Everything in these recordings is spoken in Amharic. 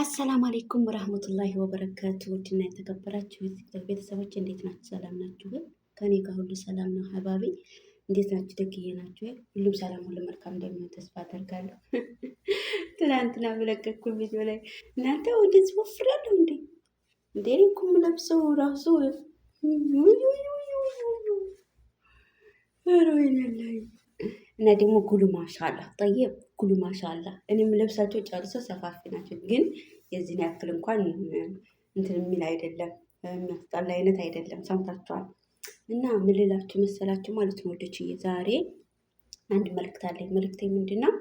አሰላሙ አሌይኩም ወረህመቱላሂ ወበረካቱ። ውድና የተከበራችሁ ቤተሰቦች እንዴት ናችሁ? ሰላም ናችሁ? ከኔ ጋር ሁሉ ሰላም ነው። ሀባቢ እንዴት ናችሁ? ደግዬ ናችሁ? ሁሉም ሰላም፣ ሁሉ መልካም እንደሚሆን ተስፋ አደርጋለሁ። ትናንትና በለቀኩ ቪዲዮ ላይ እናንተ ወደዚህ ወፍራለሁ እንዴ እንዴ ኩም ለብሰው ራሱ ሮይነላይ እና ደግሞ ጉሉ ማሻላ ጠየብ ጉሉ ማሻላ። እኔም ልብሳቸው ጨርሶ ሰፋፊ ናቸው፣ ግን የዚህን ያክል እንኳን እንትን የሚል አይደለም፣ የሚያስጣላ አይነት አይደለም። ሰምታችኋል። እና ምልላችሁ መሰላችሁ ማለት ነው ወዶችዬ፣ ዛሬ አንድ መልክት አለኝ። መልክቴ ምንድን ነው?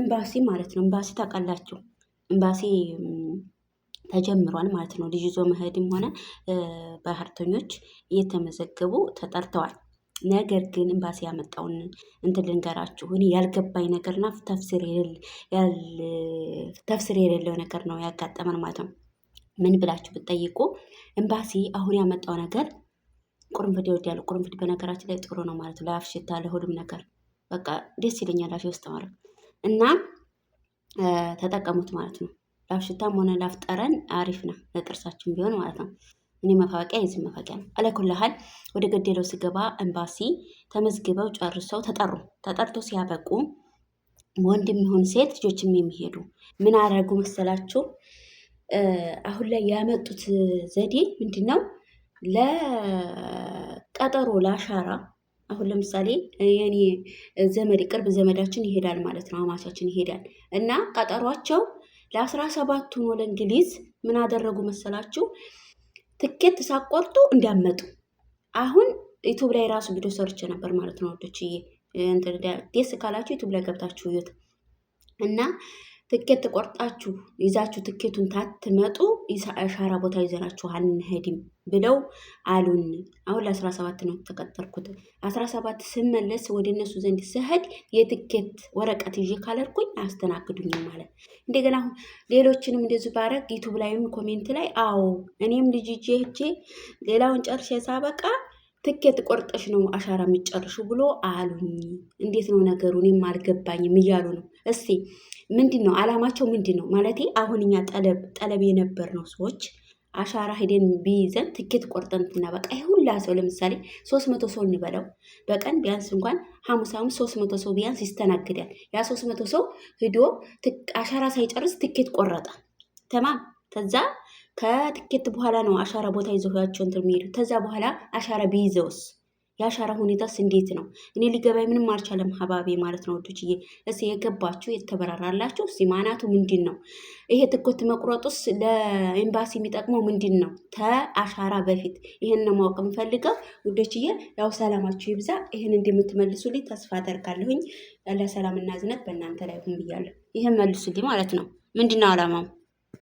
እምባሲ ማለት ነው። እምባሲ ታውቃላችሁ? እምባሲ ተጀምሯል ማለት ነው። ልጅ ይዞ መሄድም ሆነ ባህርተኞች እየተመዘገቡ ተጠርተዋል። ነገር ግን ኤምባሲ ያመጣውን እንትን ልንገራችሁ። እኔ ያልገባኝ ነገርና ተፍስር የሌለው ነገር ነው ያጋጠመን ማለት ነው። ምን ብላችሁ ብትጠይቁ ኤምባሲ አሁን ያመጣው ነገር ቁርንፍድ ይወዳሉ። ቁርንፍድ በነገራችን ላይ ጥሩ ነው ማለት ለአፍ ሽታ፣ ለሁሉም ነገር በቃ ደስ ይለኛል አፌ ውስጥ ማለት እና ተጠቀሙት ማለት ነው። ለአፍ ሽታም ሆነ ለአፍ ጠረን አሪፍ ነው ለጥርሳችን ቢሆን ማለት ነው። የኔ መፋቂያ የዚህ መፋቂያ ነው። አለኩልሃል ወደ ገደለው ስገባ ኤምባሲ ተመዝግበው ጨርሰው ተጠሩ። ተጠርተው ሲያበቁ ወንድም የሚሆን ሴት ልጆችም የሚሄዱ ምን አደረጉ መሰላችሁ? አሁን ላይ ያመጡት ዘዴ ምንድን ነው? ለቀጠሮ ለአሻራ አሁን ለምሳሌ የኔ ዘመድ ቅርብ ዘመዳችን ይሄዳል ማለት ነው። አማቻችን ይሄዳል እና ቀጠሯቸው ለአስራ ሰባቱ ነው ለእንግሊዝ ምን አደረጉ መሰላችሁ? ትኬት ሳቆርጡ እንዲያመጡ አሁን ዩቱብ ላይ ራሱ ቪዲዮ ሰርቼ ነበር ማለት ነው። ወዶች ደስ ካላችሁ ዩቱብ ላይ ገብታችሁ እዩት እና ትኬት ቆርጣችሁ ይዛችሁ ትኬቱን ታትመጡ ኢሻራ ቦታ ይዘናችሁ አንሄድም ብለው አሉን። አሁን ለአስራ ሰባት ነው ተቀጠርኩት። አስራ ሰባት ስመለስ ወደ እነሱ ዘንድ ስሄድ የትኬት ወረቀት ይዤ ካለርኩኝ አስተናግዱኝ ማለት እንደገና ሌሎችንም እንደዚህ ባረግ ዩቱብ ላይም ኮሜንት ላይ አዎ እኔም ልጅ ይዤ ሄጄ ሌላውን ጨርሼ ሳበቃ ትኬት ቆርጠሽ ነው አሻራ የሚጨርሹ ብሎ አሉኝ። እንዴት ነው ነገሩ? እኔም አልገባኝም እያሉ ነው እስቲ ምንድን ነው አላማቸው? ምንድን ነው ማለት አሁን እኛ ጠለብ የነበር ነው ሰዎች አሻራ ሄደን ቢይዘን ትኬት ቆርጠን ትና በቃ ሁላ ሰው ለምሳሌ ሶስት መቶ ሰው እንበለው በቀን ቢያንስ እንኳን ሐሙስ ሐሙስ ሶስት መቶ ሰው ቢያንስ ይስተናግዳል። ያ ሶስት መቶ ሰው ሂዶ አሻራ ሳይጨርስ ትኬት ቆረጠ። ተማም ከዛ ከትኬት በኋላ ነው አሻራ ቦታ ይዘው ያቸውን የሚሄዱ። ከዛ በኋላ አሻራ ቢይዘውስ የአሻራ ሁኔታስ እንዴት ነው? እኔ ሊገባኝ ምንም አልቻለም። ሀባቤ ማለት ነው ወዶችዬ። እስ የገባችሁ የተበራራላችሁ እስ ማናቱ ምንድን ነው? ይሄ ትኮት መቁረጡስ ለኤምባሲ የሚጠቅመው ምንድን ነው? ተአሻራ በፊት ይህን ነው ማወቅ የምፈልገው ውዶችዬ። ያው ሰላማችሁ ይብዛ። ይህን እንደምትመልሱልኝ ተስፋ አደርጋለሁኝ። ለሰላምና ዝነት በእናንተ ላይ ሁን ብያለሁ። ይህን መልሱልኝ ማለት ነው። ምንድን ነው አላማው?